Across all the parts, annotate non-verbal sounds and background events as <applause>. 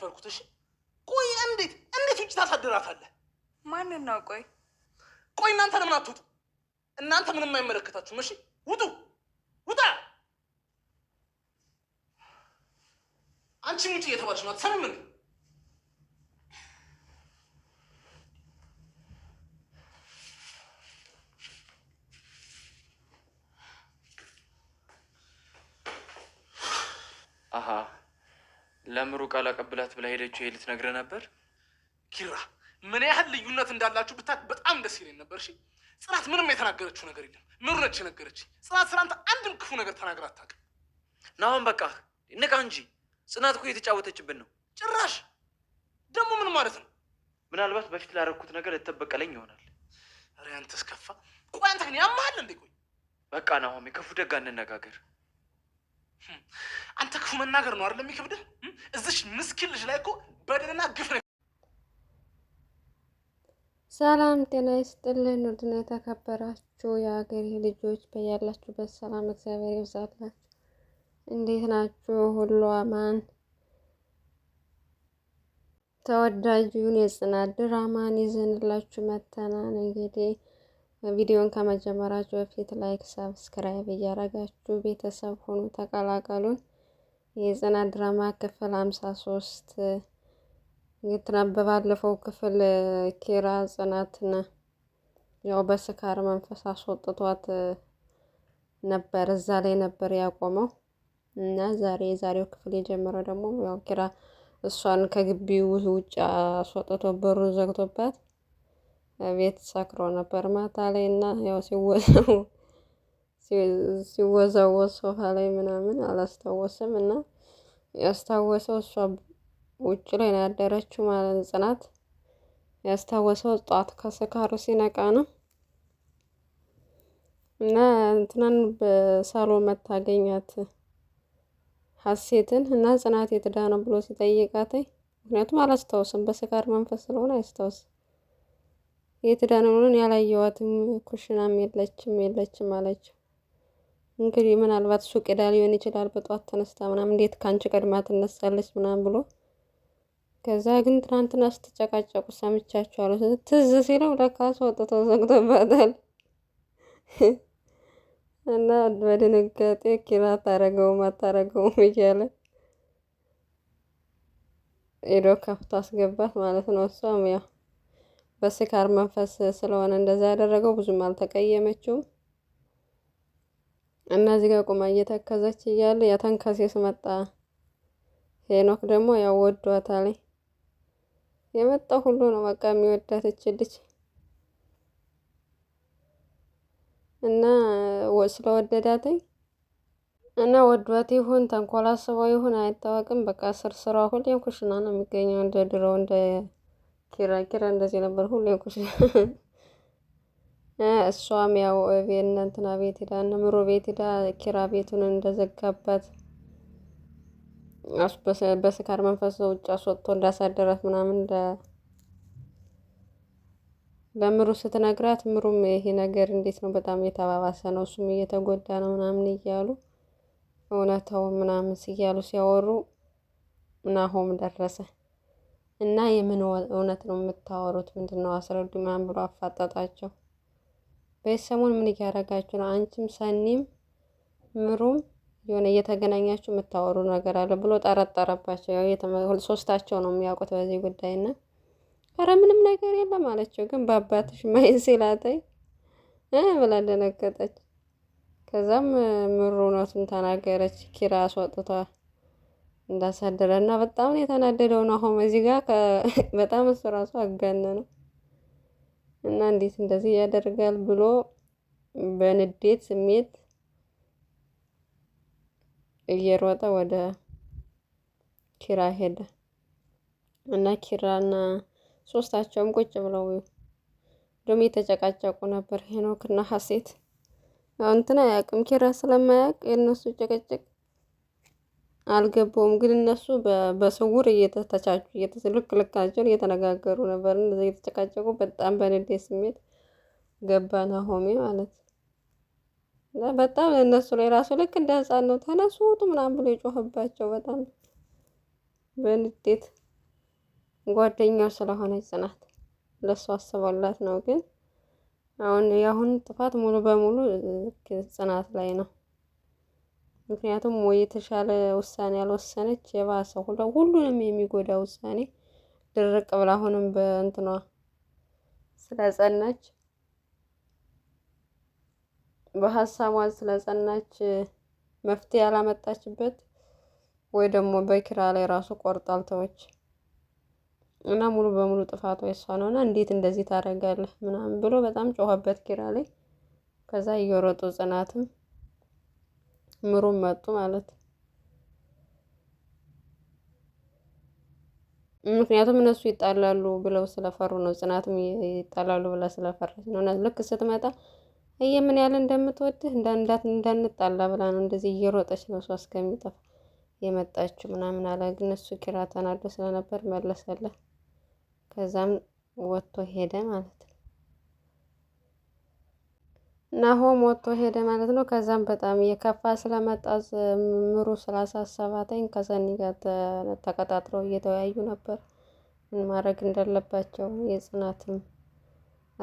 ያፈርኩት። እሺ ቆይ እንዴት እንዴት ውጭ ታሳድራታለህ? ማንን ነው? ቆይ ቆይ እናንተ ለምን አትውጡ? እናንተ ምንም አይመለከታችሁም። እሺ ውጡ፣ ውጣ። አንቺ ውጭ እየተባለች ነው። አትሰምም እንዴ? ለምሩ ቃል አቀብላት ብላ ሄደችው። ይሄ ልትነግረህ ነበር። ኪራ ምን ያህል ልዩነት እንዳላችሁ ብታት በጣም ደስ ይለኝ ነበር። እሺ ጽናት ምንም የተናገረችው ነገር የለም። ምሩ ነች የነገረች ጽናት ስላንተ አንድም ክፉ ነገር ተናግራ አታውቅም። ናሁን በቃ ንቃ እንጂ ጽናት እኮ የተጫወተችብን ነው። ጭራሽ ደግሞ ምን ማለት ነው? ምናልባት በፊት ላደረኩት ነገር የተበቀለኝ ይሆናል። ኧረ አንተስ ቆይ አንተ ግን ያመሃል እንዴ? ቆይ በቃ ናሆም፣ ክፉ ደጋ እንነጋገር አንተ ክፉ መናገር ነው አይደል የሚከብድህ? እዚች ምስኪን ልጅ ላይ እኮ በደልና ግፍ ነው። ሰላም ጤና ይስጥልን። ውድና የተከበራችሁ የሀገሬ ልጆች በያላችሁበት ሰላም እግዚአብሔር ይብዛላችሁ። እንዴት ናችሁ? ሁሉ አማን። ተወዳጁን የጽናት ድራማን ይዘንላችሁ መተናን እንግዲህ ቪዲዮን ከመጀመራችሁ በፊት ላይክ፣ ሰብስክራይብ እያደረጋችሁ ቤተሰብ ሆኑ ተቀላቀሉን። የጽናት ድራማ ክፍል ሀምሳ ሶስት ባለፈው ክፍል ኪራ ጽናትን ያው በስካር መንፈስ አስወጥቷት ነበር። እዛ ላይ ነበር ያቆመው እና ዛሬ የዛሬው ክፍል የጀመረው ደግሞ ያው ኪራ እሷን ከግቢው ውጭ አስወጥቶ በሩን ዘግቶባት ቤት ሰክሮ ነበር ማታ ላይ እና ያው <laughs> ሲወዛወዝ ሶፋ ላይ ምናምን አላስታወስም እና ያስታወሰው እሷ ውጭ ላይ ነው ያደረችው ማለት ጽናት ያስታወሰው ጧት ከስካሩ ሲነቃ ነው። እና እንትናን በሳሎን መታገኛት ሀሴትን እና ጽናት የትዳ ነው ብሎ ሲጠይቃት ምክንያቱም አላስታውስም በስካር መንፈስ ስለሆነ አያስታውስም። የትዳ ነው ያላየዋትም ኩሽናም የለችም የለችም አለችው። እንግዲህ ምናልባት ሱቅ ዳ ሊሆን ይችላል በጠዋት ተነስታ ምናምን እንዴት ከአንቺ ቀድማ ትነሳለች ምናምን ብሎ ከዛ ግን ትናንትና ስትጨቃጨቁ ሰምቻችኋለሁ ትዝ ሲለው ለካ ወጥቶ ዘግቶባታል <laughs> እና በድንጋጤ ኪራ አታረገውም አታረገውም እያለ ሄዶ ከፍቶ አስገባት ማለት ነው እሷም ያው በስካር መንፈስ ስለሆነ እንደዛ ያደረገው ብዙም አልተቀየመችውም። እና እዚህ ጋር ቁማ እየተከዘች እያለ ያተንከሴስ መጣ። ሄኖክ ደግሞ ያው ወዷታል። የመጣው ሁሉ ነው በቃ የሚወዳት እችልች እና ስለወደዳትኝ እና ወዷት ይሁን ተንኮላ ይሁን አይታወቅም። በቃ ስርስሯ ሁሌም ኩሽና ነው የሚገኘው እንደ ድሮው እንደ ኪራ ኪራ እንደዚህ ነበር ሁሌ ቁስ እሷም ያው እቤነ እንትና ቤት ሄዳ ምሮ ቤት ሄዳ ኪራ ቤቱን እንደዘጋባት በስካር መንፈስ ውጭ አስወጥቶ እንዳሳደራት ምናምን ለምሩ ስትነግራት ምሩም ይሄ ነገር እንዴት ነው በጣም እየተባባሰ ነው፣ እሱም እየተጎዳ ነው ምናምን እያሉ እውነታው ምናምን ሲያሉ ሲያወሩ ናሆም ደረሰ። እና የምን እውነት ነው የምታወሩት? ምንድን ነው አስረዱ ምናምን ብሎ አፋጠጣቸው። በዚህ ሰሞን ምን እያደረጋችሁ ነው? አንቺም ሰኒም ምሩም የሆነ እየተገናኛችሁ የምታወሩ ነገር አለ ብሎ ጠረጠረባቸው። ያው ሶስታቸው ነው የሚያውቁት በዚህ ጉዳይ እና ኧረ ምንም ነገር የለም አለችው። ግን በአባትሽ ማይን ሲላተኝ ብላ ደነገጠች። ከዛም ምሩ እውነቱን ተናገረች። ኪራ አስወጥቷል። እንዳሳደረ እና በጣም የተናደደው ነው። አሁን እዚህ ጋር <laughs> በጣም እሱ ራሱ አጋነ ነው እና እንዴት እንደዚህ ያደርጋል ብሎ በንዴት ስሜት እየሮጠ ወደ ኪራ ሄደ እና ኪራና ሶስታቸውም ቁጭ ብለው ደግሞ የተጨቃጨቁ ነበር ሄኖክና ሀሴት እንትን አያውቅም ኪራ ስለማያውቅ የእነሱ ጭቅጭቅ አልገባውም። ግን እነሱ በስውር እየተተቻቹ ልክ ልካቸውን እየተነጋገሩ ነበር፣ እንደዚያ እየተጨቃጨቁ በጣም በንዴ ስሜት ገባ ናሆሜ ማለት እና በጣም እነሱ ላይ ራሱ ልክ እንደ ህፃን ነው ተነሱ ውጡ ምናምን ብሎ የጮህባቸው በጣም በንዴት ጓደኛው ስለሆነ ጽናት ለሱ አስበላት ነው። ግን አሁን የአሁን ጥፋት ሙሉ በሙሉ ጽናት ላይ ነው። ምክንያቱም ወይ የተሻለ ውሳኔ ያልወሰነች የባሰ ሁሉንም የሚጎዳ ውሳኔ ድርቅ ብላ አሁንም በእንትኗ ስለጸናች በሀሳቧ ስለጸናች መፍትሄ ያላመጣችበት ወይ ደግሞ በኪራ ላይ ራሱ ቆርጣልተዎች እና ሙሉ በሙሉ ጥፋቷ የሷ ነው እና እንዴት እንደዚህ ታደርጋለህ ምናምን ብሎ በጣም ጮኸበት ኪራ ላይ። ከዛ እየሮጡ ጽናትም ምሩም መጡ ማለት ነው። ምክንያቱም እነሱ ይጣላሉ ብለው ስለፈሩ ነው። ጽናትም ይጣላሉ ብላ ስለፈራች ነው። ልክ ስትመጣ እየ ምን ያህል እንደምትወድህ እንዳንጣላ ብላ ነው እንደዚህ እየሮጠች ነው እሷ እስከሚጠፋ የመጣችው ምናምን አለ። ግን እሱ ኪራ ተናዶ ስለነበር መለሰለ ከዛም ወጥቶ ሄደ ማለት ነው። ናሆም ወጥቶ ሄደ ማለት ነው። ከዛም በጣም የከፋ ስለመጣ ምሩ ስላሳሰባተኝ ከሰኒ ጋር ተቀጣጥረው እየተወያዩ ነበር ምን ማድረግ እንዳለባቸው የጽናትም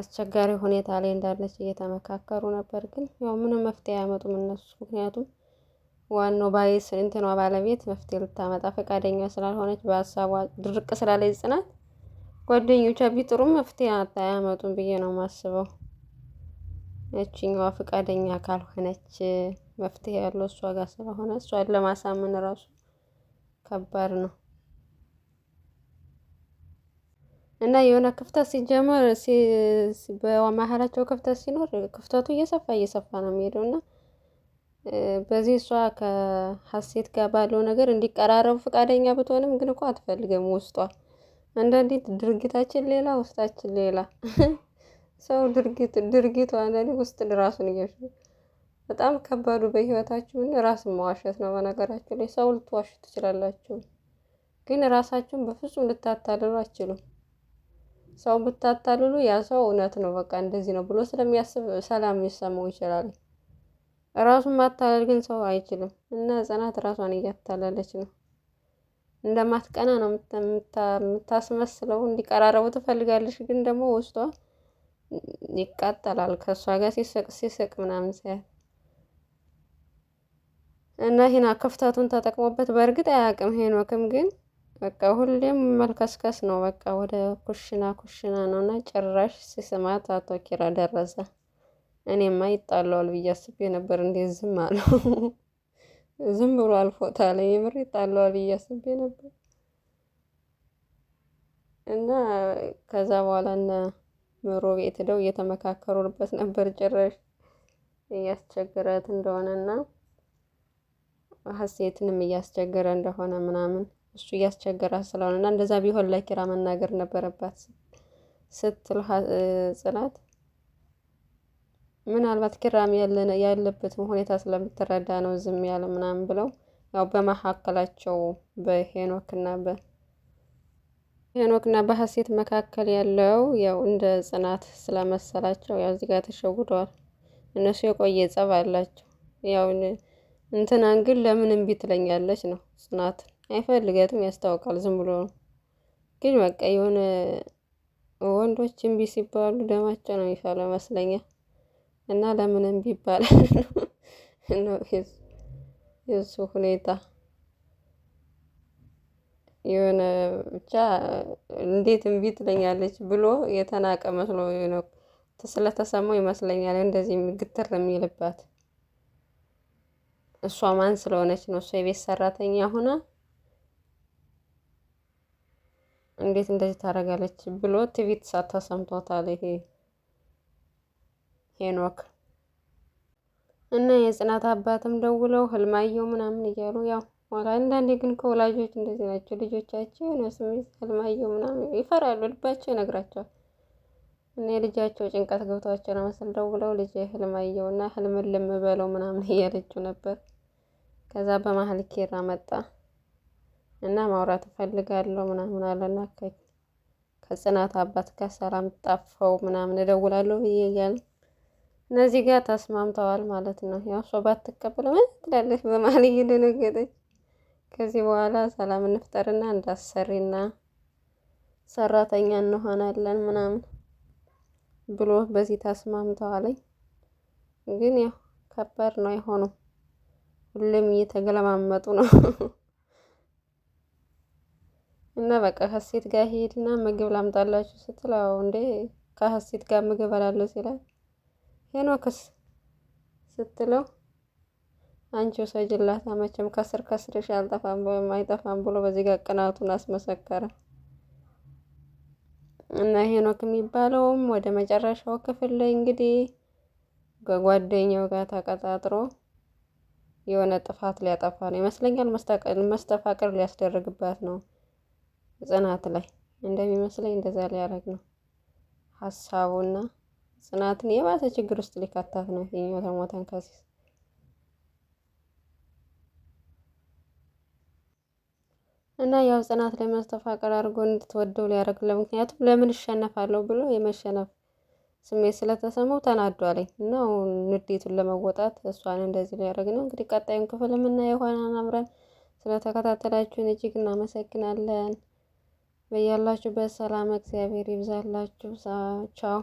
አስቸጋሪ ሁኔታ ላይ እንዳለች እየተመካከሩ ነበር። ግን ያው ምንም መፍትሄ አያመጡም እነሱ ምክንያቱም ዋናው ባይስ እንትኗ ባለቤት መፍትሄ ልታመጣ ፈቃደኛ ስላልሆነች በሀሳቧ ድርቅ ስላለች ጽናት ጓደኞቿ ቢጥሩም መፍትሄ አያመጡም ብዬ ነው የማስበው። እችኛዋ ፈቃደኛ ካልሆነች መፍትሄ ያለው እሷ ጋር ስለሆነ እሷን ለማሳመን ራሱ ከባድ ነው እና የሆነ ክፍተት ሲጀመር በመሀላቸው ክፍተት ሲኖር ክፍተቱ እየሰፋ እየሰፋ ነው የሚሄደው እና በዚህ እሷ ከሀሴት ጋር ባለው ነገር እንዲቀራረቡ ፈቃደኛ ብትሆንም ግን እኮ አትፈልግም። ውስጧ አንዳንዴ ድርጊታችን ሌላ፣ ውስጣችን ሌላ <laughs> ሰው ድርጊት ድርጊቱ አንዳንዴ ውስጥ ድራሱን እየሽ በጣም ከባዱ በህይወታችሁ ራስን መዋሸት ነው። በነገራችሁ ላይ ሰው ልትዋሹ ትችላላችሁ፣ ግን ራሳችሁን በፍጹም ልታታልሉ አትችሉም። ሰው ብታታልሉ ያ ሰው እውነት ነው በቃ እንደዚህ ነው ብሎ ስለሚያስብ ሰላም ሊሰማው ይችላል። ራሱን ማታለል ግን ሰው አይችልም። እና ጽናት ራሷን እያታለለች ነው። እንደማትቀና ነው የምታስመስለው። እንዲቀራረቡ ትፈልጋለች፣ ግን ደግሞ ውስጧ ይቃጠላል ከእሷ ጋር ሲስቅ ሲስቅ ምናምን ሲያል እና ሂና ክፍተቱን ተጠቅሞበት በእርግጥ አያውቅም ሄኖክም ግን በቃ ሁሌም መልከስከስ ነው። በቃ ወደ ኩሽና ኩሽና ነው እና ጭራሽ ሲስማት አቶ ኪራ ደረሰ። እኔማ ይጣለዋል ብዬ አስቤ ነበር። እንዴት ዝም አለ? ዝም ብሎ አልፎታ ላይ የምር ይጣለዋል ብዬ አስቤ ነበር እና ከዛ በኋላ እና ምሮ ቤት ሄደው እየተመካከሩበት ነበር። ጭራሽ እያስቸገረት እና ሀሴትንም እያስቸገረ እንደሆነ ምናምን እሱ እያስቸገራት ስለሆነ እና እንደዛ ቢሆን ለኪራ መናገር ነበረባት ስትል ጽናት ምናልባት ኪራም ያለበትን ሁኔታ ስለምትረዳ ነው ዝም ያለ ምናምን ብለው ያው በመካከላቸው በ ሄኖክና በሀሴት መካከል ያለው ያው እንደ ጽናት ስለመሰላቸው ያው እዚህ ጋር ተሸውደዋል። እነሱ የቆየ ጸብ አላቸው። ያው እንትናን ግን ለምን እምቢ ትለኛለች ነው ጽናት አይፈልገትም፣ ያስታውቃል። ዝም ብሎ ነው ግን በቃ የሆነ ወንዶች እምቢ ሲባሉ ደማቸው ነው የሚፈለው መስለኛ እና ለምን እምቢ ይባላል <laughs> ነው የሱ ሁኔታ። የሆነ ብቻ እንዴት እምቢ ትለኛለች ብሎ የተናቀ መስሎ ነው ስለተሰማው ይመስለኛል እንደዚህ ግትር የሚልባት። እሷ ማን ስለሆነች ነው? እሷ የቤት ሰራተኛ ሆና እንዴት እንደዚህ ታደርጋለች ብሎ ትቪት ትዕቢት ተሰምቶታል ይሄ ሄኖክ እና የጽናት አባትም ደውለው ህልማየው ምናምን እያሉ ያው ሞላ አንዳንዴ ግን ከወላጆች እንደዚህ ናቸው። ልጆቻቸው የሆነ ስሜት ህልማየው ምናምን ይፈራሉ፣ ልባቸው ይነግራቸዋል። እኔ ልጃቸው ጭንቀት ገብቷቸው ነው መሰል ደውለው ልጅ ህልማየው እና ህልምን ልምበለው ምናምን <laughs> እያለችው ነበር። ከዛ በመሀል ኬራ መጣ እና ማውራት እፈልጋለሁ ምናምን አለና ከጽናት አባት ጋር ሰላም ጣፈው ምናምን እደውላለሁ ብዬ እያለ እነዚህ ጋር ተስማምተዋል ማለት ነው። ያው እሷ ባትቀበለው ምን ትላለች? በመሀል እየደነገጠች ከዚህ በኋላ ሰላም እንፍጠርና እንዳሰሪና ሰራተኛ እንሆናለን ምናምን ብሎ በዚህ ተስማምተዋለኝ። ግን ያው ከባድ ነው አይሆኑም። ሁሌም እየተገለማመጡ ነው <laughs> እና በቃ ከሴት ጋር ሄድና ምግብ ላምጣላችሁ ስትለው እንዴ ከሀሴት ጋር ምግብ አላለሁ ሲላል ሄኖክስ ስትለው አንቺ ውሰጅላት መቼም ከስር ከስርሽ አልጠፋም አይጠፋም ብሎ በዚህ ጋር ቅናቱን አስመሰከረ እና ሄኖክ የሚባለውም ወደ መጨረሻው ክፍል ላይ እንግዲህ ከጓደኛው ጋር ተቀጣጥሮ የሆነ ጥፋት ሊያጠፋ ነው ይመስለኛል። መስተፋቅር ሊያስደርግባት ነው ጽናት ላይ እንደሚመስለኝ እንደዛ ሊያደርግ ነው ሀሳቡና ጽናትን የባሰ ችግር ውስጥ ሊከታት ነው ይሄኛው ተሞተን ከዚህ እና ያው ጽናት ለመስተፋቀር አድርጎ እንድትወደው ሊያደርግለት ምክንያቱም ለምን እሸነፋለሁ ብሎ የመሸነፍ ስሜት ስለተሰማው ተናዷል እና ንዴቱን ለመወጣት እሷን እንደዚህ ሊያደርግ ነው። እንግዲህ ቀጣዩን ክፍል የምናየው ይሆናል። አብረን ስለተከታተላችሁን እጅግ እናመሰግናለን። በያላችሁበት ሰላም እግዚአብሔር ይብዛላችሁ። ቻው